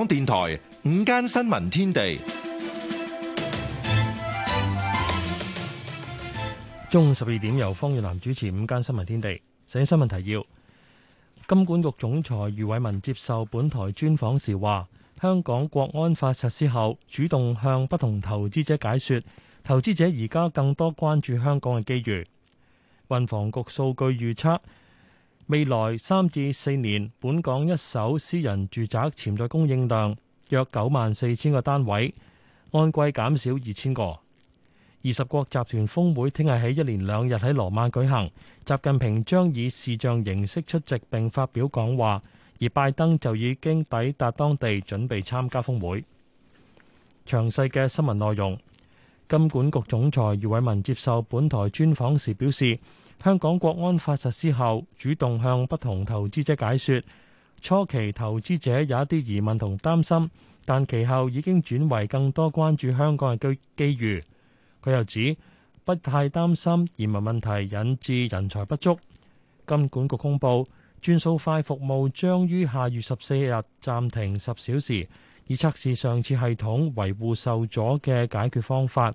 香港電台午間新聞天地，中午十二點由方月南主持午間新聞天地。首先新聞提要：金管局總裁余偉文接受本台專訪時話，香港國安法實施後，主動向不同投資者解說，投資者而家更多關注香港嘅機遇。運房局數據預測。未來三至四年，本港一手私人住宅潛在供應量約九萬四千個單位，按季減少二千個。二十國集團峰會聽日喺一連兩日喺羅馬舉行，習近平將以視像形式出席並發表講話，而拜登就已經抵達當地準備參加峰會。詳細嘅新聞內容，金管局總裁余偉文接受本台專訪時表示。香港國安法實施後，主動向不同投資者解説，初期投資者有一啲疑問同擔心，但其後已經轉為更多關注香港嘅機遇。佢又指不太擔心移民問題引致人才不足。金管局公布，轉數快服務將於下月十四日暫停十小時，以測試上次系統維護受阻嘅解決方法。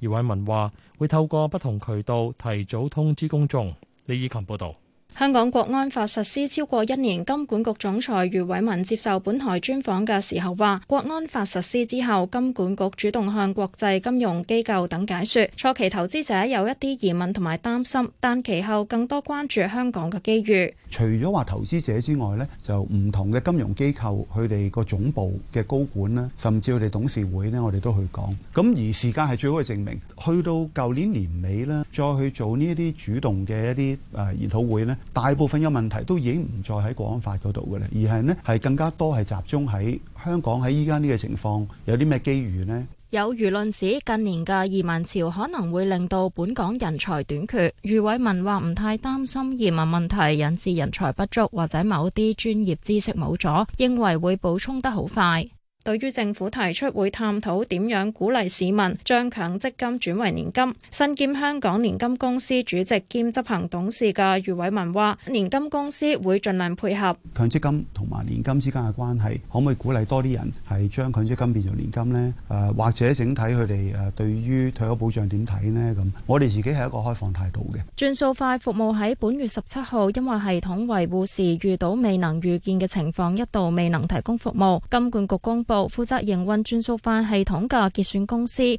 姚偉文話：會透過不同渠道，提早通知公眾。李以琴報道。香港國安法實施超過一年，金管局總裁余偉文接受本台專訪嘅時候話，國安法實施之後，金管局主動向國際金融機構等解說，初期投資者有一啲疑問同埋擔心，但其後更多關注香港嘅機遇。除咗話投資者之外呢，就唔同嘅金融機構，佢哋個總部嘅高管咧，甚至佢哋董事會呢，我哋都去講。咁而時間係最好嘅證明，去到舊年年尾呢，再去做呢一啲主動嘅一啲誒研討會呢。大部分嘅問題都已經唔再喺國安法嗰度嘅喇，而係更加多係集中喺香港。喺依家呢個情況，有啲咩機遇呢？有輿論指近年嘅移民潮可能會令到本港人才短缺。余偉文話唔太擔心移民問題引致人才不足，或者某啲專業知識冇咗，認為會補充得好快。對於政府提出會探討點樣鼓勵市民將強積金轉為年金，身兼香港年金公司主席兼執行董事嘅余偉文話：年金公司會盡量配合強積金同埋年金之間嘅關係，可唔可以鼓勵多啲人係將強積金變成年金呢？啊，或者整體佢哋誒對於退休保障點睇呢？咁我哋自己係一個開放態度嘅。轉數快服務喺本月十七號，因為系統維護時遇到未能預見嘅情況，一度未能提供服務。金管局公布。負責營運轉數快系統嘅結算公司，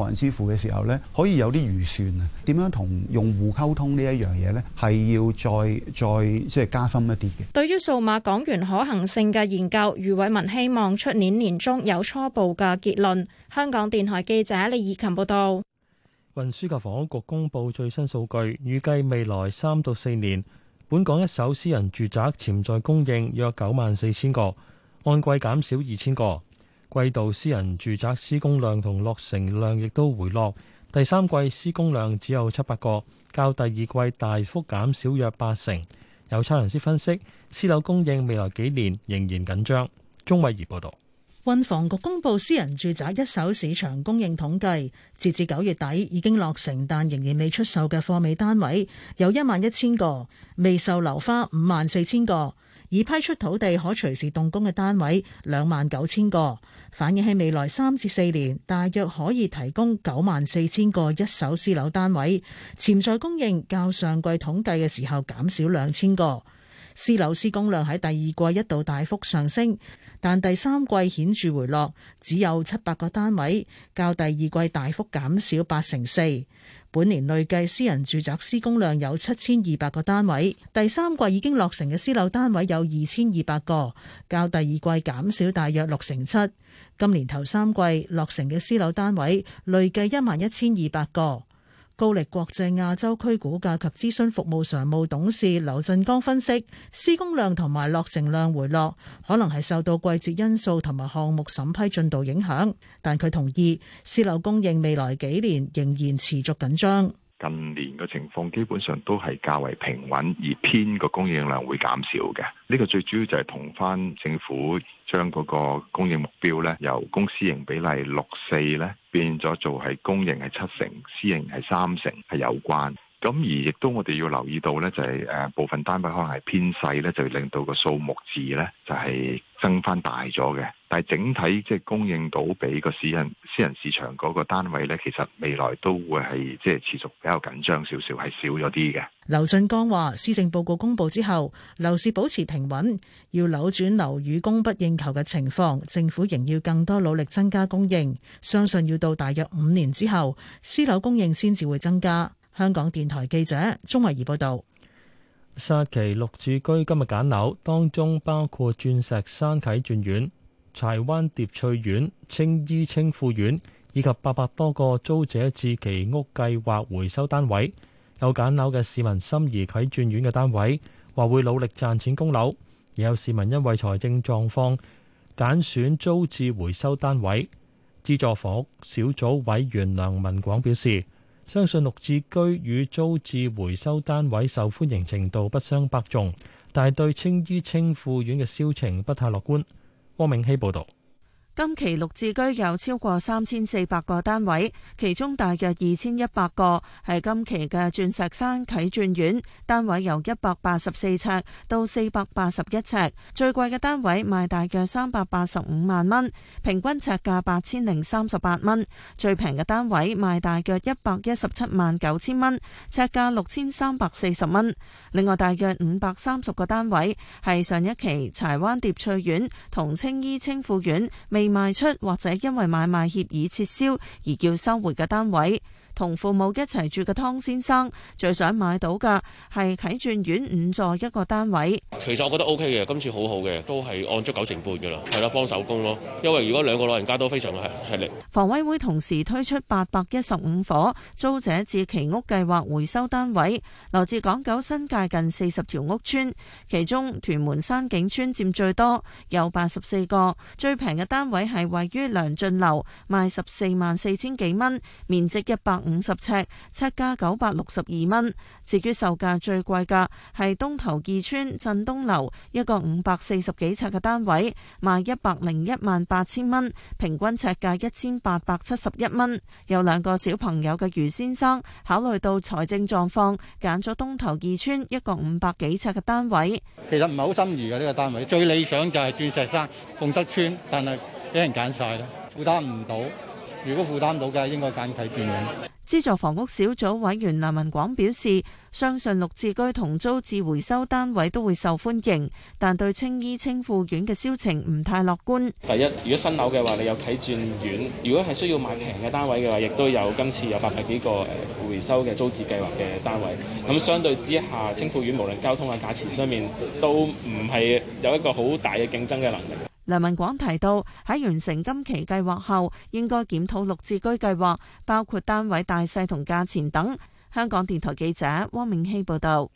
個人支付嘅時候呢，可以有啲預算啊？點樣同用戶溝通呢一樣嘢，呢係要再再即係加深一啲嘅。對於數碼港元可行性嘅研究，余偉文希望出年年中有初步嘅結論。香港電台記者李以琴報道。運輸及房屋局公布最新數據，預計未來三到四年，本港一手私人住宅潛在供應約九萬四千個，按季減少二千個。季度私人住宅施工量同落成量亦都回落，第三季施工量只有七百個，較第二季大幅減少約八成。有測量師分析，私樓供應未來幾年仍然緊張。鍾偉儀報道，運房局公布私人住宅一手市場供應統計，截至九月底已經落成但仍然未出售嘅貨尾單位有一萬一千個，未售樓花五萬四千個。已批出土地可隨時動工嘅單位兩萬九千個，反映喺未來三至四年大約可以提供九萬四千個一手私樓單位，潛在供應較上季統計嘅時候減少兩千個。私樓施工量喺第二季一度大幅上升，但第三季顯著回落，只有七百個單位，較第二季大幅減少八成四。本年累計私人住宅施工量有七千二百個單位，第三季已經落成嘅私樓單位有二千二百個，較第二季減少大約六成七。今年頭三季落成嘅私樓單位累計一萬一千二百個。高力國際亞洲區估價及諮詢服務常務董事劉振剛分析，施工量同埋落成量回落，可能係受到季節因素同埋項目審批進度影響。但佢同意，私樓供應未來幾年仍然持續緊張。近年嘅情況基本上都係較為平穩，而偏個供應量會減少嘅。呢、這個最主要就係同翻政府。將嗰個供應目標咧，由公私營比例六四咧變咗做係公營係七成，私營係三成，係有關。咁而亦都，我哋要留意到咧，就係誒部分單位可能係偏細咧，就令到個數目字咧就係增翻大咗嘅。但係整體即係供應到俾個私人私人市場嗰個單位咧，其實未來都會係即係持續比較緊張少少，係少咗啲嘅。劉振江話：，施政報告公布之後，樓市保持平穩，要扭轉樓宇供不應求嘅情況，政府仍要更多努力增加供應。相信要到大約五年之後，私樓供應先至會增加。香港電台記者鍾慧怡報道：沙奇六住居今日揀樓，當中包括鑽石山啟鑽苑、柴灣疊翠苑、青衣青富苑以及八百多個租者置其屋計劃回收單位。有揀樓嘅市民心儀啟鑽苑嘅單位，話會努力賺錢供樓，也有市民因為財政狀況揀選租置回收單位。資助房屋小組委員梁文廣表示，相信綠置居與租置回收單位受歡迎程度不相伯仲，但係對青衣青富苑嘅銷情不太樂觀。郭明希報道。今期綠置居有超過三千四百個單位，其中大約二千一百個係今期嘅鑽石山啟鑽苑。單位由一百八十四尺到四百八十一尺，最貴嘅單位賣大約三百八十五萬蚊，平均尺價八千零三十八蚊；最平嘅單位賣大約一百一十七萬九千蚊，尺價六千三百四十蚊。另外大約五百三十個單位係上一期柴灣蝶翠苑同青衣青富苑未賣出或者因為買賣協議撤銷而要收回嘅單位。同父母一齊住嘅湯先生最想買到嘅係啟鑽苑五座一個單位。其實我覺得 O K 嘅，今次好好嘅，都係按足九成半嘅啦，係啦，幫手工咯。因為如果兩個老人家都非常係力。房委會同時推出八百一十五伙租者置其屋計劃回收單位，來自港九新界近四十條屋邨，其中屯門山景邨佔最多，有八十四個。最平嘅單位係位於梁俊樓，賣十四萬四千幾蚊，面積一百五十尺，尺價九百六十二蚊。至於售價最貴嘅係東頭二村振東樓一個五百四十幾尺嘅單位，賣一百零一萬八千蚊，平均尺價一千八百七十一蚊。有兩個小朋友嘅余先生考慮到財政狀況，揀咗東頭二村一個五百幾尺嘅單位。其實唔係好心儀嘅呢個單位，最理想就係鑽石山鳳德村，但係俾人揀晒啦，負擔唔到。如果負擔到嘅，應該揀睇電影。資助房屋小組委員梁文廣表示，相信綠置居同租置回收單位都會受歡迎，但對青衣青富苑嘅銷情唔太樂觀。第一，如果新樓嘅話，你有啟朗苑；如果係需要買平嘅單位嘅話，亦都有今次有八百幾個誒回收嘅租置計劃嘅單位。咁相對之下，青富苑無論交通啊、價錢上面都唔係有一個好大嘅競爭嘅能力。梁文廣提到，喺完成今期計劃後，應該檢討綠置居計劃，包括單位大細同價錢等。香港電台記者汪明熙報道。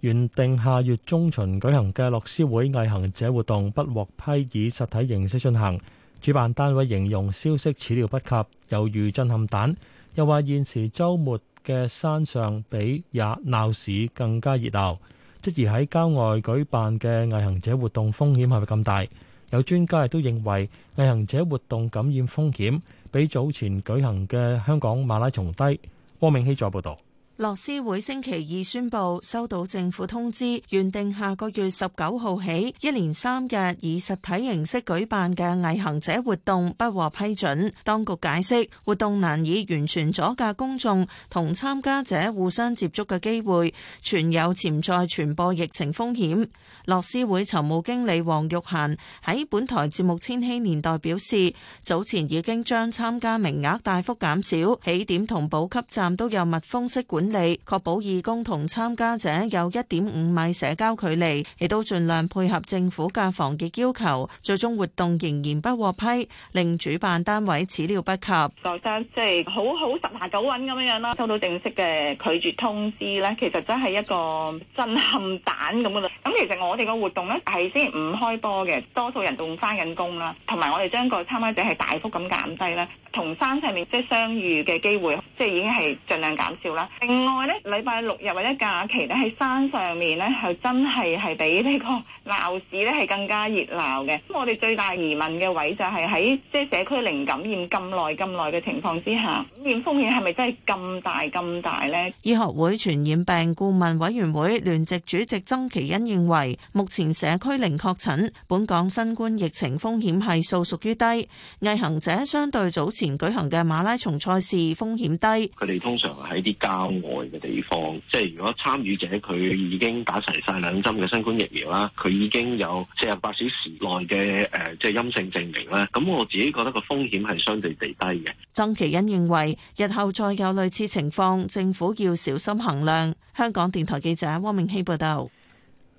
原定下月中旬舉行嘅樂施會毅行者活動不獲批，以實體形式進行。主辦單位形容消息始料不及，猶如震撼彈，又話現時週末嘅山上比也鬧市更加熱鬧，質疑喺郊外舉辦嘅毅行者活動風險係咪咁大？有專家亦都認為，毅行者活動感染風險比早前舉行嘅香港馬拉松低。汪明熙再報道。樂施會星期二宣布收到政府通知，原定下個月十九號起一連三日以實體形式舉辦嘅毅行者活動不獲批准。當局解釋，活動難以完全阻隔公眾同參加者互相接觸嘅機會，存有潛在傳播疫情風險。樂施會籌募經理黃玉嫻喺本台節目《千禧年代》表示，早前已經將參加名額大幅減少，起點同補給站都有密封式管。管理確保義工同參加者有一點五米社交距離，亦都盡量配合政府嘅防疫要求。最終活動仍然不獲批，令主辦單位始料不及。覺得即係好好十拿九穩咁樣樣啦，收到正式嘅拒絕通知咧，其實真係一個震撼彈咁噶啦。咁其實我哋個活動咧係先唔開波嘅，多數人都翻緊工啦，同埋我哋將個參加者係大幅咁減低啦。同山上面即係相遇嘅機會，即係已經係盡量減少啦。另外咧，禮拜六日或者假期咧，喺山上面咧，係真係係比呢個鬧市咧係更加熱鬧嘅。咁我哋最大疑問嘅位就係喺即係社區零感染咁耐咁耐嘅情況之下，感染風險係咪真係咁大咁大咧？醫學會傳染病顧問委員會聯席主席曾祈殷認為，目前社區零確診，本港新冠疫情風險係數屬於低，毅行者相對早前前舉行嘅馬拉松賽事風險低，佢哋通常喺啲郊外嘅地方，即係如果參與者佢已經打齊晒兩針嘅新冠疫苗啦，佢已經有四十八小時內嘅誒即係陰性證明啦。咁我自己覺得個風險係相對地低嘅。曾其欣認為日後再有類似情況，政府要小心衡量。香港電台記者汪明希報道。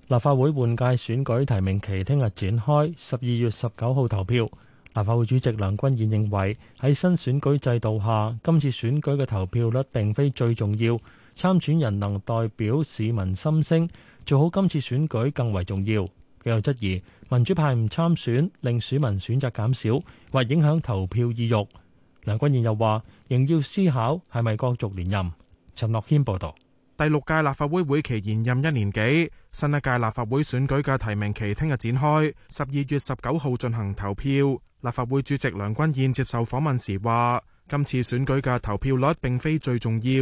立法會換屆選舉提名期聽日展開，十二月十九號投票。立法會主席梁君彥認為，喺新選舉制度下，今次選舉嘅投票率並非最重要，參選人能代表市民心聲，做好今次選舉更為重要。佢又質疑民主派唔參選，令選民選擇減少，或影響投票意欲。梁君彥又話，仍要思考係咪角逐連任。陳諾軒報導，第六屆立法會會期延任一年幾，新一屆立法會選舉嘅提名期聽日展開，十二月十九號進行投票。立法會主席梁君彥接受訪問時話，今次選舉嘅投票率並非最重要，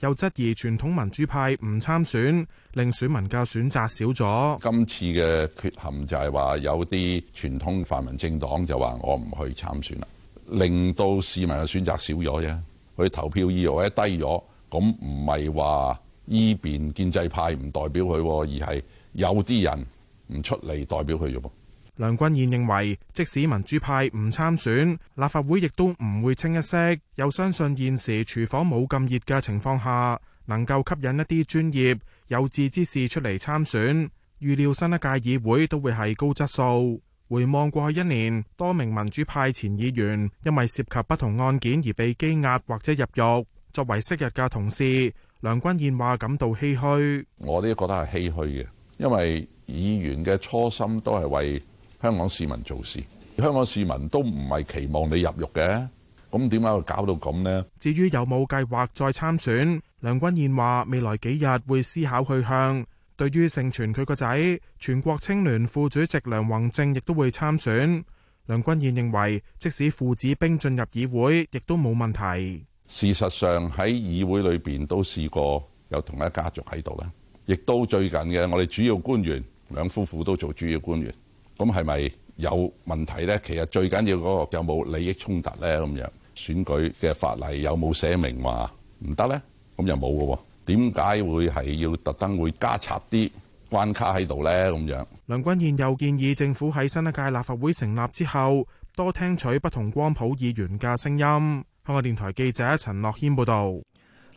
又質疑傳統民主派唔參選，令選民嘅選擇少咗。今次嘅缺陷就係話有啲傳統泛民政黨就話我唔去參選啦，令到市民嘅選擇少咗啫。佢投票意欲低咗，咁唔係話呢邊建制派唔代表佢，而係有啲人唔出嚟代表佢梁君彥認為，即使民主派唔參選，立法會亦都唔會清一色。又相信現時廚房冇咁熱嘅情況下，能夠吸引一啲專業有志之士出嚟參選。預料新一屆議會都會係高質素。回望過去一年，多名民主派前議員因為涉及不同案件而被羈押或者入獄。作為昔日嘅同事，梁君彥話感到唏噓。我呢覺得係唏噓嘅，因為議員嘅初心都係為香港市民做事，香港市民都唔係期望你入獄嘅，咁點解會搞到咁呢？至於有冇計劃再參選，梁君彥話未來幾日會思考去向。對於盛傳佢個仔，全國青聯副主席梁宏正亦都會參選，梁君彥認為即使父子兵進入議會亦都冇問題，事實上喺議會裏邊都試過有同一家族喺度啦，亦都最近嘅我哋主要官員兩夫婦都做主要官員。咁係咪有問題呢？其實最緊要嗰個有冇利益衝突呢？咁樣選舉嘅法例有冇寫明話唔得呢？咁就冇嘅喎。點解會係要特登會加插啲關卡喺度呢？咁樣梁君彥又建議政府喺新一屆立法會成立之後，多聽取不同光譜議員嘅聲音。香港電台記者陳樂軒報導。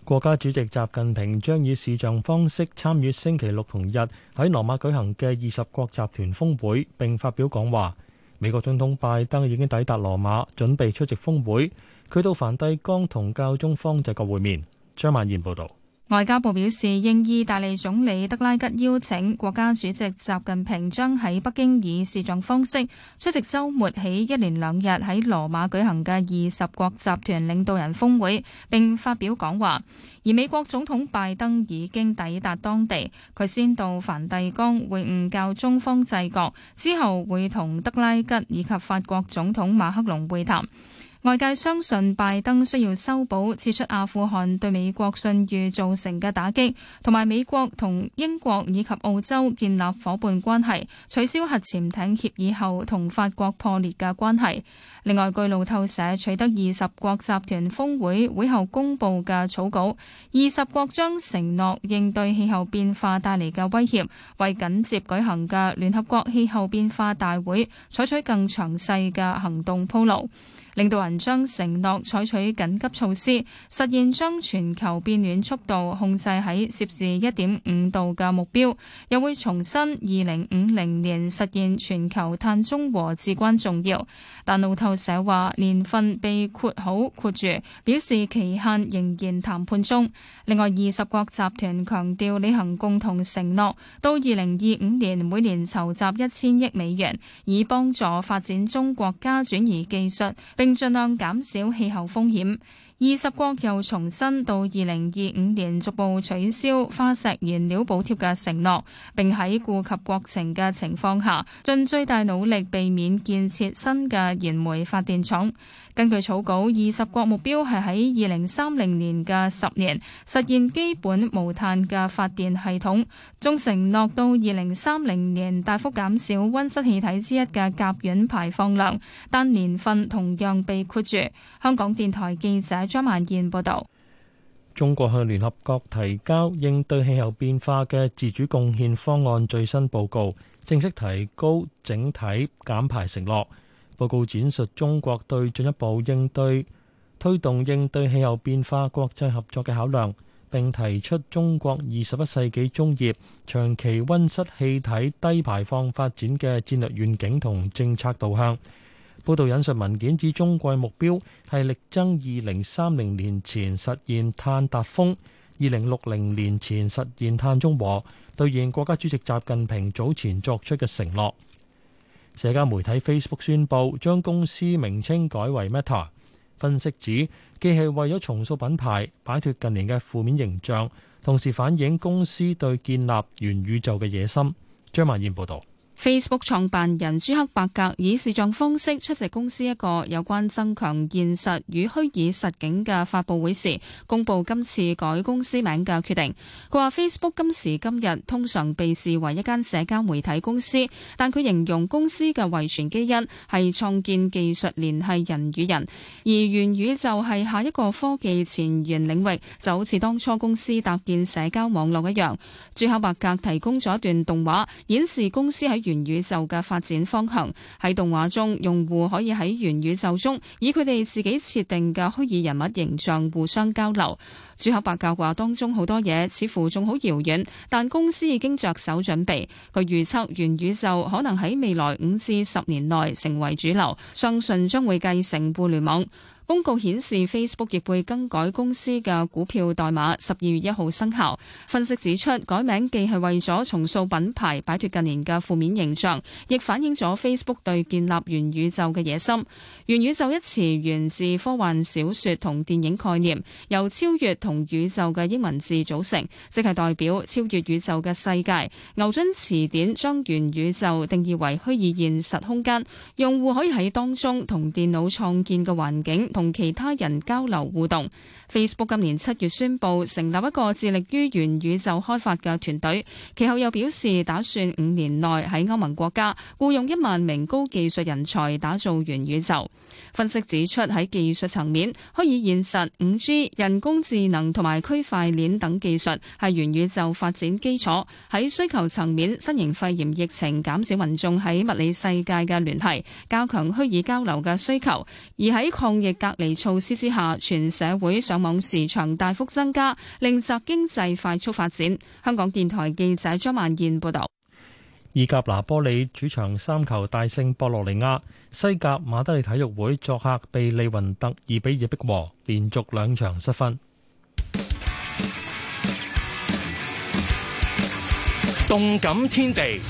國家主席習近平將以視像方式參與星期六同日喺羅馬舉行嘅二十國集團峰會，並發表講話。美國總統拜登已經抵達羅馬，準備出席峰會。佢到梵蒂岡同教宗方濟各會面。張曼燕報導。外交部表示，應意大利總理德拉吉邀請，國家主席習近平將喺北京以視像方式出席周末起一連兩日喺羅馬舉行嘅二十國集團領導人峰會，並發表講話。而美國總統拜登已經抵達當地，佢先到梵蒂岡會晤教宗方濟各，之後會同德拉吉以及法國總統馬克龍會談。外界相信拜登需要修補撤出阿富汗對美國信譽造成嘅打擊，同埋美國同英國以及澳洲建立伙伴關係，取消核潛艇協議後同法國破裂嘅關係。另外，據路透社取得二十國集團峰會會後公布嘅草稿，二十國將承諾應對氣候變化帶嚟嘅威脅，為緊接舉行嘅聯合國氣候變化大會採取更詳細嘅行動鋪路。領導人將承諾採取緊急措施，實現將全球變暖速度控制喺攝氏一點五度嘅目標，又會重申二零五零年實現全球碳中和至關重要。但路透社話年份被括號括住，表示期限仍然談判中。另外，二十國集團強調履行共同承諾，到二零二五年每年籌集一千億美元，以幫助發展中國家轉移技術。並盡量減少氣候風險。二十國又重申到二零二五年逐步取消化石燃料補貼嘅承諾，並喺顧及國情嘅情況下，盡最大努力避免建設新嘅燃煤發電廠。根據草稿，二十國目標係喺二零三零年嘅十年實現基本無碳嘅發電系統，仲承諾到二零三零年大幅減少温室氣體之一嘅甲烷排放量，但年份同樣被括住。香港電台記者張萬燕報導。中國向聯合國提交應對氣候變化嘅自主貢獻方案最新報告，正式提高整體減排承諾。報告展述中國對進一步應對推動應對氣候變化國際合作嘅考量，並提出中國二十一世紀中葉長期温室氣體低排放發展嘅戰略願景同政策導向。報道引述文件指，中國目標係力爭二零三零年前實現碳達峰，二零六零年前實現碳中和，兌現國家主席習近平早前作出嘅承諾。社交媒體 Facebook 宣布將公司名稱改為 Meta。分析指，既係為咗重塑品牌、擺脫近年嘅負面形象，同時反映公司對建立元宇宙嘅野心。張曼燕報道。Facebook 創辦人朱克伯格以視像方式出席公司一個有關增強現實與虛擬實境嘅發布會時，公佈今次改公司名嘅決定。佢話 Facebook 今時今日通常被視為一間社交媒體公司，但佢形容公司嘅遺傳基因係創建技術聯繫人與人，而元宇宙係下一個科技前沿領域，就好似當初公司搭建社交網絡一樣。朱克伯格提供咗一段動畫，顯示公司喺元宇宙嘅發展方向。喺動畫中，用戶可以喺元宇宙中以佢哋自己設定嘅虛擬人物形象互相交流。朱克伯格話當中好多嘢似乎仲好遙遠，但公司已經着手準備。佢預測元宇宙可能喺未來五至十年內成為主流，相信將會繼承互聯網。公告顯示，Facebook 亦會更改公司嘅股票代碼，十二月一號生效。分析指出，改名既係為咗重塑品牌、擺脱近年嘅負面形象，亦反映咗 Facebook 對建立元宇宙嘅野心。元宇宙一詞源自科幻小説同電影概念，由超越同宇宙嘅英文字組成，即係代表超越宇宙嘅世界。牛津詞典將元宇宙定義為虛擬現實空間，用戶可以喺當中同電腦創建嘅環境。同其他人交流互動。Facebook 今年七月宣佈成立一個致力於元宇宙開發嘅團隊，其後又表示打算五年內喺歐盟國家僱傭一萬名高技術人才打造元宇宙。分析指出，喺技術層面，虛擬現實五 G、人工智能同埋區塊鏈等技術係元宇宙發展基礎；喺需求層面，新型肺炎疫情減少民眾喺物理世界嘅聯繫，加強虛擬交流嘅需求，而喺抗疫隔離措施之下，全社會上網時長大幅增加，令宅經濟快速發展。香港電台記者張曼燕報道：意甲拿波里主場三球大勝博洛尼亞，西甲馬德里體育會作客被利雲特二比二逼和，連續兩場失分。動感天地。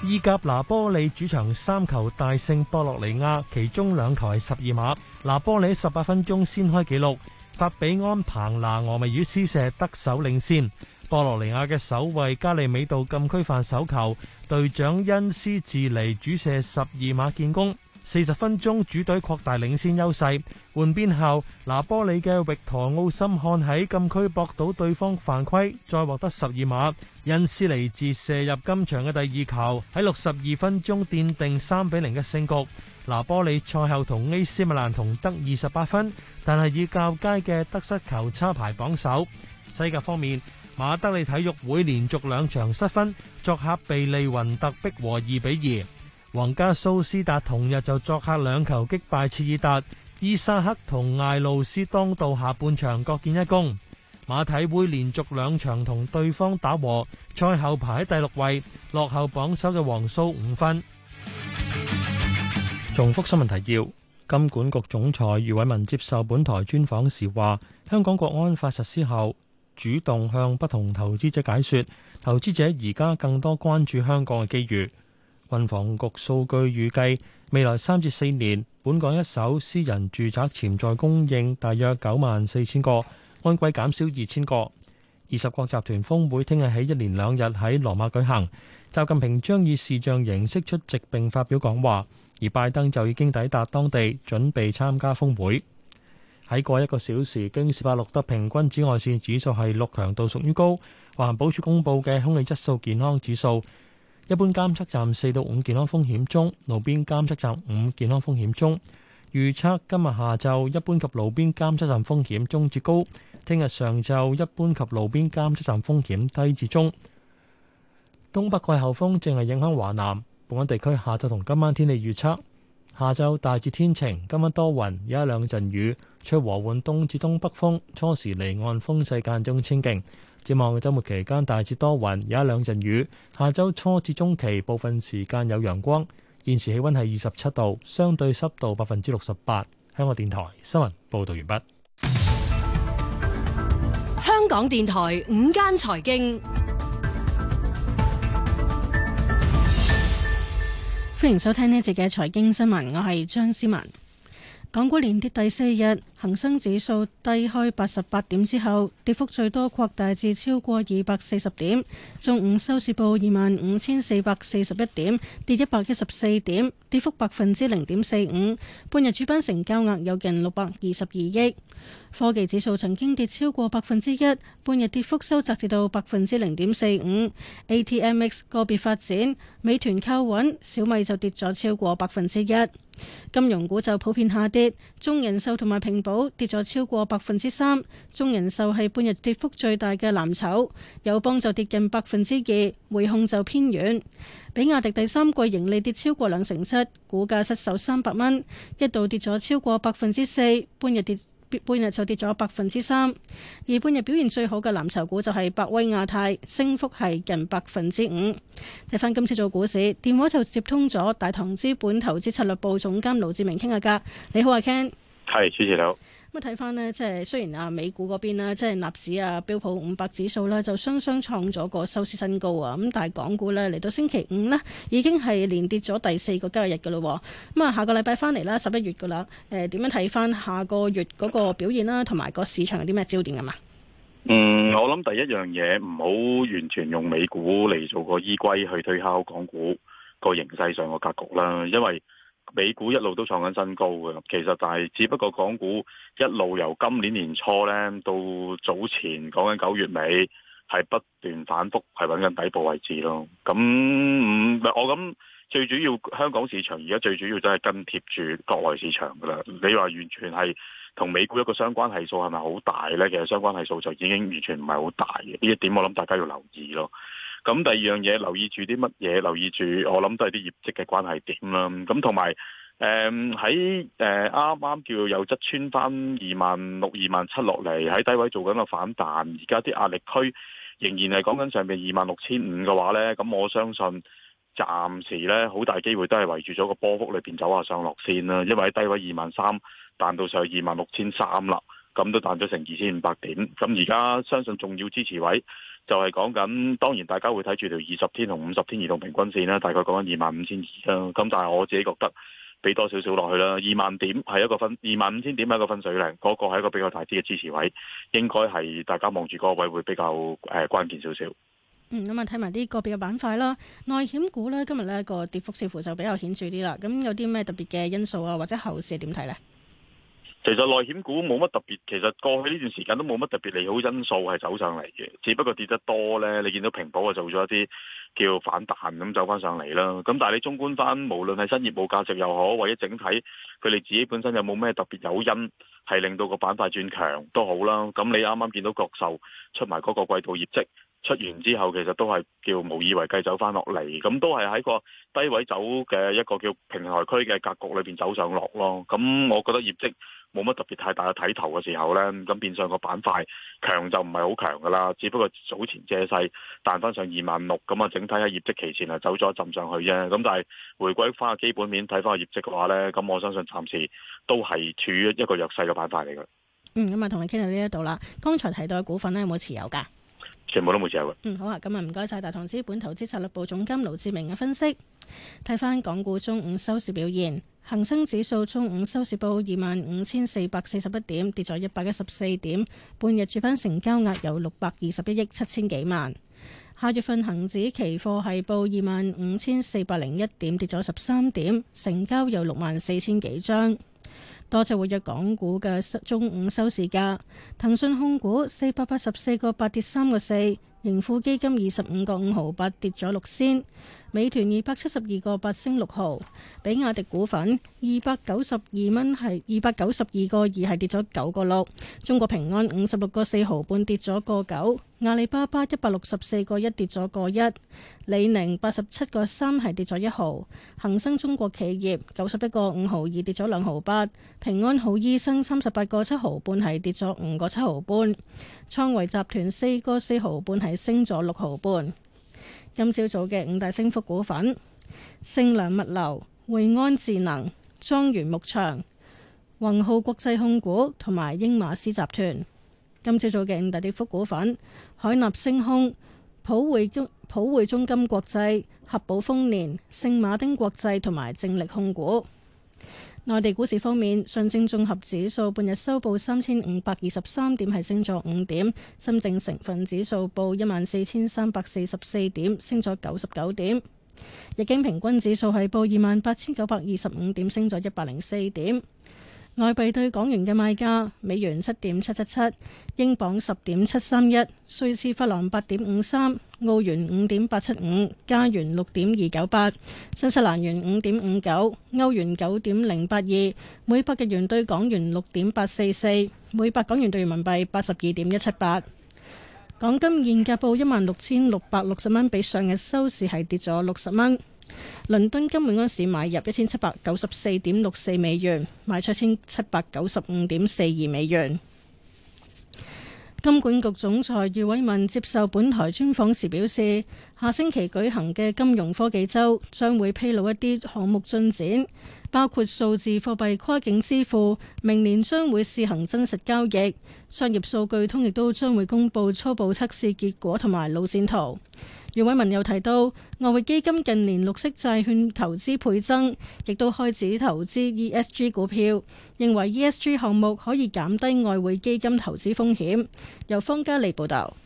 意甲拿波里主場三球大勝波洛尼亞，其中兩球係十二碼。拿波里十八分鐘先開紀錄，法比安彭拿俄米爾施射得手領先。波洛尼亞嘅守衛加利美道禁區犯手球，隊長恩斯治尼主射十二碼建功。四十分鐘，主隊擴大領先優勢。換邊後，拿波里嘅域陀奧森軒喺禁區搏到對方犯規，再獲得十二碼。印斯尼自射入今場嘅第二球，喺六十二分鐘奠定三比零嘅勝局。拿波里賽後同 AC 米蘭同得二十八分，但係以較佳嘅得失球差排榜首。西甲方面，馬德里體育會連續兩場失分，作客被利云特逼和二比二。皇家蘇斯達同日就作客兩球擊敗切爾達，伊沙克同艾路斯當到下半場各建一功。馬體會連續兩場同對方打和，賽後排喺第六位，落後榜首嘅黃蘇五分。重複新聞提要：金管局總裁余偉文接受本台專訪時話，香港國安法實施後，主動向不同投資者解說，投資者而家更多關注香港嘅機遇。運房局數據預計未來三至四年，本港一手私人住宅潛在供應大約九萬四千個，按季減少二千個。二十國集團峯會聽日起一連兩日喺羅馬舉行，習近平將以視像形式出席並發表講話，而拜登就已經抵達當地準備參加峯會。喺過一個小時，京士柏錄得平均紫外線指數係六強度，屬於高。環保署公佈嘅空氣質素健康指數。一般監測站四到五健康風險中，路邊監測站五健康風險中。預測今日下晝一般及路邊監測站風險中至高，聽日上晝一般及路邊監測站風險低至中。東北季候風正係影響華南。本港地區，下晝同今晚天氣預測：下晝大致天晴，今晚多雲，有一兩陣雨，吹和緩東至東北風，初時離岸風勢間中清勁。展望周末期間大致多雲，有一兩陣雨。下周初至中期部分時間有陽光。現時氣温係二十七度，相對濕度百分之六十八。香港電台新聞報道完畢。香港電台午間財經，歡迎收聽呢一節嘅財經新聞，我係張思文。港股連跌第四日，恒生指數低開八十八點之後，跌幅最多擴大至超過二百四十點。中午收市報二萬五千四百四十一點，跌一百一十四點。跌幅百分之零點四五，半日主板成交額有近六百二十二億。科技指數曾經跌超過百分之一，半日跌幅收窄至到百分之零點四五。A T M X 個別發展，美團靠穩，小米就跌咗超過百分之一。金融股就普遍下跌，中人壽同埋平保跌咗超過百分之三，中人壽係半日跌幅最大嘅藍籌，友邦就跌近百分之二，匯控就偏軟。比亞迪第三季盈利跌超過兩成七，股價失守三百蚊，一度跌咗超過百分之四，半日跌半日就跌咗百分之三。而半日表現最好嘅藍籌股就係百威亞太，升幅係近百分之五。睇返今次做股市，電話就接通咗大唐資本投資策略部總監盧志明傾下偈。你好阿 Ken，係主持你好。咁睇翻呢，即係雖然啊，美股嗰邊啦，即係納指啊、標普五百指數啦，就雙雙創咗個收市新高啊！咁但係港股咧，嚟到星期五呢，已經係連跌咗第四個交易日噶啦。咁、嗯、啊，下個禮拜翻嚟啦，十一月噶啦。誒、呃，點樣睇翻下個月嗰個表現啦，同埋個市場有啲咩焦點噶、啊、嘛？嗯，我諗第一樣嘢唔好完全用美股嚟做個依歸去推敲港股個形勢上個格局啦，因為，美股一路都創緊新高嘅，其實但係只不過港股一路由今年年初咧到早前講緊九月尾，係不斷反復係搵緊底部位置咯。咁唔，我諗最主要香港市場而家最主要都係跟貼住國內市場噶啦。你話完全係同美股一個相關係數係咪好大咧？其實相關係數就已經完全唔係好大嘅。呢一點我諗大家要留意咯。咁第二樣嘢留意住啲乜嘢，留意住我諗都係啲業績嘅關係點啦。咁同埋誒喺誒啱啱叫有側穿翻二萬六、二萬七落嚟，喺低位做緊個反彈。而家啲壓力區仍然係講緊上面二萬六千五嘅話呢，咁我相信暫時呢好大機會都係圍住咗個波幅裏面走下上落先啦。因為喺低位二萬三彈到上去二萬六千三啦，咁都彈咗成二千五百點。咁而家相信重要支持位，就係講緊，當然大家會睇住條二十天同五十天移動平均線啦。大概講緊二萬五千二啦。咁但係我自己覺得俾多少少落去啦。二萬點係一個分，二萬五千點係一個分水嶺，嗰、那個係一個比較大啲嘅支持位，應該係大家望住嗰個位會比較誒、呃、關鍵少少。嗯，咁啊，睇埋啲個別嘅板塊啦，內險股咧，今日咧，個跌幅似乎就比較顯著啲啦。咁有啲咩特別嘅因素啊，或者後市點睇呢？其實內險股冇乜特別，其實過去呢段時間都冇乜特別利好因素係走上嚟嘅，只不過跌得多呢，你見到平保就做咗一啲叫反彈咁走翻上嚟啦。咁但係你中觀翻，無論係新業務價值又好，或者整體佢哋自己本身有冇咩特別誘因係令到個板塊轉強都好啦。咁你啱啱見到國壽出埋嗰個季度業績。出完之後，其實都係叫無以為繼走翻落嚟，咁都係喺個低位走嘅一個叫平台區嘅格局裏面走上落咯。咁我覺得業績冇乜特別太大嘅睇頭嘅時候呢，咁變相個板塊強就唔係好強噶啦，只不過早前借勢彈翻上二萬六，咁啊整體喺業績期前係走咗浸上去啫。咁但係回歸翻個基本面睇翻個業績嘅話呢，咁我相信暫時都係處於一個弱勢嘅板塊嚟嘅。嗯，咁啊同你傾到呢一度啦，剛才提到嘅股份呢，有冇持有㗎？全部都冇走啊。嗯，好啊！今日唔該晒大唐資本投資策略部總監盧志明嘅分析。睇翻港股中午收市表現，恒生指數中午收市報二萬五千四百四十一點，跌咗一百一十四點。半日主板成交額有六百二十一億七千幾萬。下月份恒指期貨係報二萬五千四百零一點，跌咗十三點，成交有六萬四千幾張。多隻活躍港股嘅中午收市價，騰訊控股四百八十四個八跌三個四，盈富基金二十五個五毫八跌咗六仙，美團二百七十二個八升六毫，比亞迪股份二百九十二蚊係二百九十二個二係跌咗九個六，中國平安五十六個四毫半跌咗個九，阿里巴巴一百六十四個一跌咗個一，李寧八十七個三係跌咗一毫，恒生中國企業九十一個五毫二跌咗兩毫八，平安好醫生三十八個七毫半係跌咗五個七毫半，創維集團四個四毫半係升咗六毫半。今朝早嘅五大升幅股份：盛良物流、匯安智能、莊園牧場、宏浩國際控股同埋英馬斯集團。今朝早嘅五大跌幅股份：海納星空、普惠中、普惠中金國際、合寶豐年、聖馬丁國際同埋正力控股。內地股市方面，上證綜合指數半日收報三千五百二十三點，係升咗五點；深證成分指數報一萬四千三百四十四點，升咗九十九點；日經平均指數係報二萬八千九百二十五點，升咗一百零四點。外幣對港元嘅賣價：美元七點七七七，英鎊十點七三一，瑞士法郎八點五三，澳元五點八七五，加元六點二九八，新西蘭元五點五九，歐元九點零八二，每百日元對港元六點八四四，每百港元對人民幣八十二點一七八。港金現價報一萬六千六百六十蚊，比上日收市係跌咗六十蚊。倫敦金每盎司買入一千七百九十四點六四美元，賣出千七百九十五點四二美元。金管局總裁余偉文接受本台專訪時表示，下星期舉行嘅金融科技周將會披露一啲項目進展，包括數字貨幣跨境支付明年將會試行真實交易，商業數據通亦都將會公布初步測試結果同埋路線圖。余偉文，文又提到，外匯基金近年綠色債券投資倍增，亦都開始投資 ESG 股票，認為 ESG 項目可以減低外匯基金投資風險。由方嘉利報道。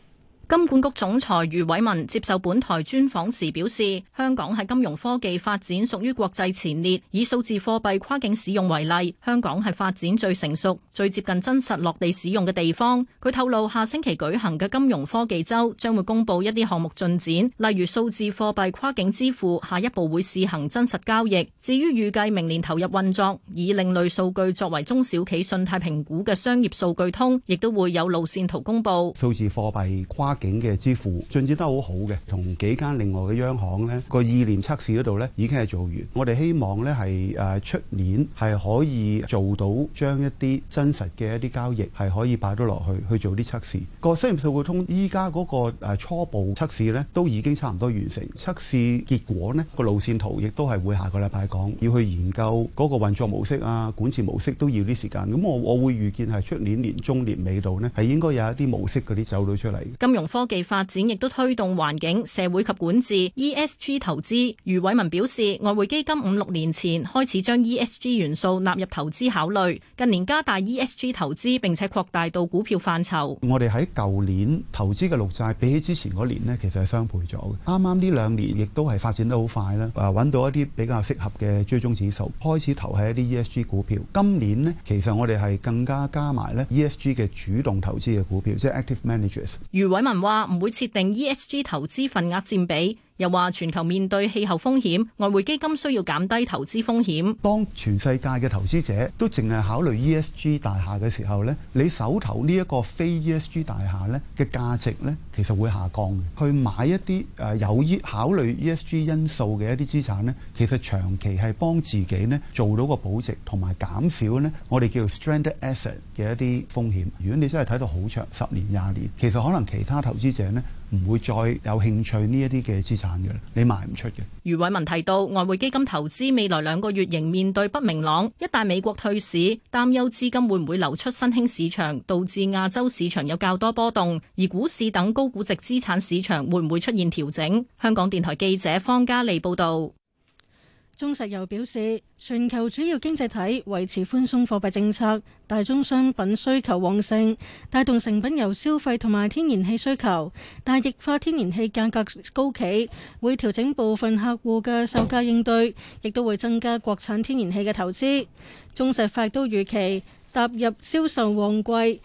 金管局總裁余偉文接受本台專訪時表示，香港喺金融科技發展屬於國際前列，以數字貨幣跨境使用為例，香港係發展最成熟、最接近真實落地使用嘅地方。佢透露，下星期舉行嘅金融科技周將會公布一啲項目進展，例如數字貨幣跨境支付下一步會試行真實交易。至於預計明年投入運作，以另類數據作為中小企信貸評估嘅商業數據通，亦都會有路線圖公布。數字貨幣跨嘅支付進展得好好嘅，同幾間另外嘅央行咧個意念測試嗰度咧已經係做完。我哋希望咧係誒出年係可以做到將一啲真實嘅一啲交易係可以擺咗落去去做啲測試。個商業數據通依家嗰個誒初步測試咧都已經差唔多完成。測試結果咧個路線圖亦都係會下個禮拜講，要去研究嗰個運作模式啊，管治模式都要啲時間，咁我我會預見係出年年中年尾度咧係應該有一啲模式嗰啲走到出嚟。金融科技發展亦都推動環境、社會及管治 （ESG） 投資。余偉文表示，外匯基金五六年前開始將 ESG 元素納入投資考慮，近年加大 ESG 投資並且擴大到股票範疇。我哋喺舊年投資嘅綠債，比起之前嗰年呢，其實係雙倍咗嘅。啱啱呢兩年亦都係發展得好快啦。啊，揾到一啲比較適合嘅追蹤指數，開始投喺一啲 ESG 股票。今年呢，其實我哋係更加加埋咧 ESG 嘅主動投資嘅股票，即係 active managers。余偉文。話唔會設定 ESG 投資份額佔比。又話全球面對氣候風險，外匯基金需要減低投資風險。當全世界嘅投資者都淨係考慮 ESG 大廈嘅時候咧，你手頭呢一個非 ESG 大廈咧嘅價值咧，其實會下降嘅。去買一啲有意考慮 ESG 因素嘅一啲資產咧，其實長期係幫自己咧做到個保值，同埋減少呢我哋叫做 stranded asset 嘅一啲風險。如果你真係睇到好長十年、廿年，其實可能其他投資者咧。唔會再有興趣呢一啲嘅資產嘅，你賣唔出嘅。余偉文提到，外匯基金投資未來兩個月仍面對不明朗，一旦美國退市，擔憂資金會唔會流出新興市場，導致亞洲市場有較多波動，而股市等高估值資產市場會唔會出現調整？香港電台記者方嘉莉報導。中石油表示，全球主要經濟體維持寬鬆貨幣政策，大宗商品需求旺盛，帶動成品油消費同埋天然氣需求。但液化天然氣價格高企，會調整部分客戶嘅售價應對，亦都會增加國產天然氣嘅投資。中石化都預期踏入銷售旺季，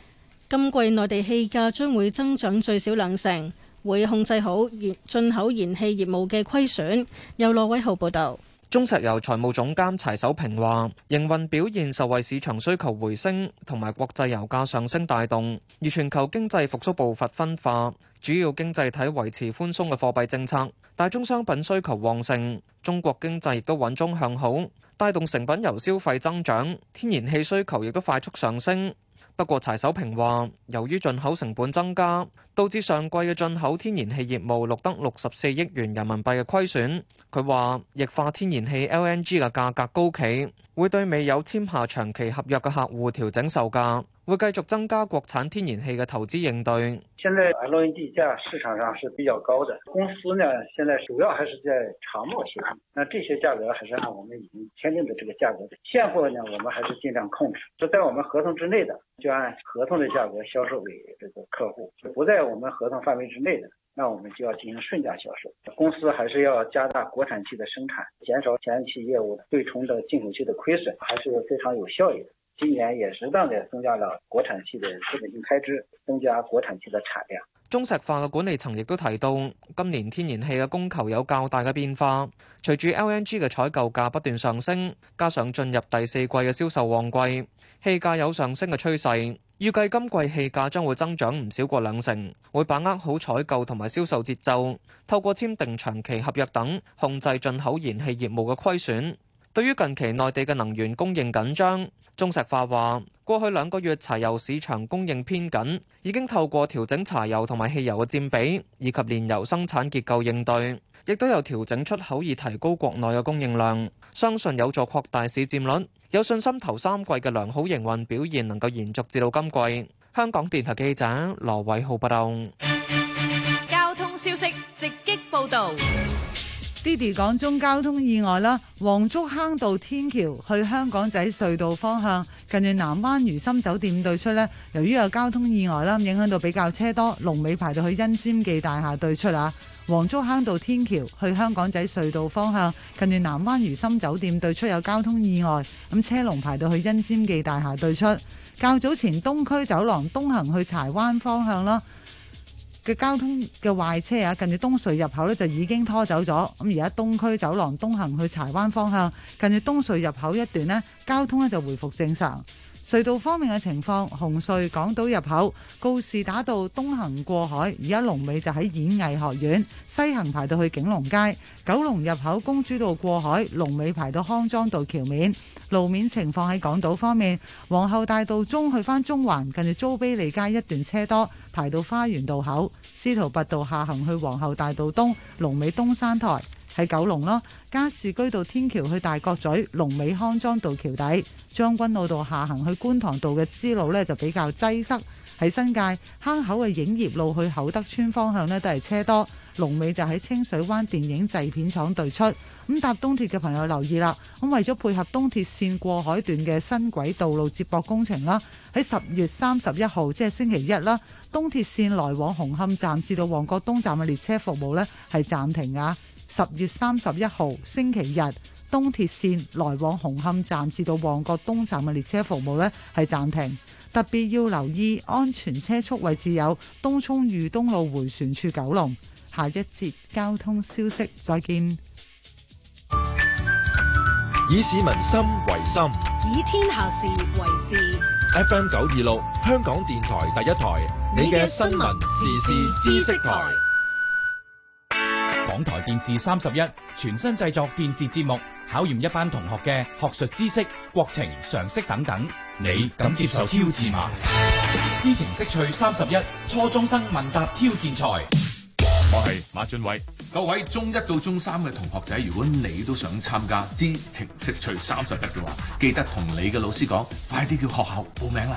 今季內地氣價將會增長最少兩成，會控制好進口燃氣業務嘅虧損。由羅偉豪報道。中石油財務總監柴守平話，營運表現受惠市場需求回升同埋國際油價上升帶動，而全球經濟復甦步伐分化，主要經濟體維持寬鬆嘅貨幣政策，大宗商品需求旺盛，中國經濟亦都穩中向好，帶動成品油消費增長，天然氣需求亦都快速上升。不過，柴守平話，由於進口成本增加，導致上季嘅進口天然氣業務錄得六十四億元人民幣嘅虧損。佢話，液化天然氣 LNG 嘅價格高企，會對未有簽下長期合約嘅客戶調整售價。會繼續增加國產天然氣的投資應對。現在 LNG 價市場上是比較高的，公司呢現在主要還是在長貿型，那這些價格還是按我們已經簽訂的這個價格。現貨呢，我們還是盡量控制，就在我們合同之內的，就按合同的價格銷售給這個客戶；不在我們合同範圍之內的，那我們就要進行順價銷售。公司還是要加大國產氣的生產，減少天然氣業務對沖的進口氣的虧損，還是非常有效益的。今年也適當的增加了國產氣的資本性開支，增加國產氣的產量。中石化嘅管理層亦都提到，今年天然氣嘅供求有較大嘅變化，隨住 LNG 嘅採購價不斷上升，加上進入第四季嘅銷售旺季，氣價有上升嘅趨勢。預計今季氣價將會增長唔少過兩成，會把握好採購同埋銷售節奏，透過簽訂長期合約等控制進口燃氣業務嘅虧損。對於近期內地嘅能源供應緊張，中石化話：過去兩個月柴油市場供應偏緊，已經透過調整柴油同埋汽油嘅占比，以及煉油生產結構應對，亦都有調整出口以提高國內嘅供應量，相信有助擴大市占率，有信心頭三季嘅良好營運表現能夠延續至到今季。香港電台記者羅偉浩報道。交通消息直擊報道。d i y 港中交通意外啦，黃竹坑道天橋去香港仔隧道方向，近住南灣如心酒店對出呢，由於有交通意外啦，影響到比較車多，龍尾排到去恩尖記大廈對出啊。黃竹坑道天橋去香港仔隧道方向，近住南灣如心酒店對出有交通意外，咁車龍排到去恩尖記大廈對出。較早前東區走廊東行去柴灣方向啦。嘅交通嘅壞車啊，近住東隧入口咧就已經拖走咗。咁而家東區走廊東行去柴灣方向，近住東隧入口一段呢，交通咧就回復正常。隧道方面嘅情況，紅隧港島入口告士打道東行過海，而家龍尾就喺演藝學院；西行排到去景隆街，九龍入口公主道過海，龍尾排到康莊道橋面。路面情況喺港島方面，皇后大道中去返中環，近住租庇利街一段車多，排到花園道口；司徒拔道下行去皇后大道東，龍尾東山台。喺九龍咯，加士居道天橋去大角咀，龍尾康莊道橋底，將軍澳道下行去觀塘道嘅支路呢，就比較擠塞。喺新界坑口嘅影業路去厚德村方向呢，都係車多。龍尾就喺清水灣電影製片廠對出。咁搭東鐵嘅朋友留意啦。咁為咗配合東鐵綫過海段嘅新軌道路接駁工程啦，喺十月三十一號，即係星期一啦，東鐵綫來往紅磡站至到旺角東站嘅列車服務呢，係暫停㗎。十月三十一號星期日，東鐵綫來往紅磡站至到旺角東站嘅列車服務呢，係暫停，特別要留意安全車速位置有東涌裕東路迴旋處、九龍。下一節交通消息，再見。以市民心為心，以天下事為事。F M 九二六，香港電台第一台，你嘅新聞時事知識台。港台電視三十一全新製作電視節目，考驗一班同學嘅學術知識、國情常識等等，你敢接受挑戰嗎？知情識趣三十一初中生問答挑戰賽，我係馬俊偉。各位中一到中三嘅同學仔，如果你都想參加知情識趣三十一嘅話，記得同你嘅老師講，快啲叫學校報名啦。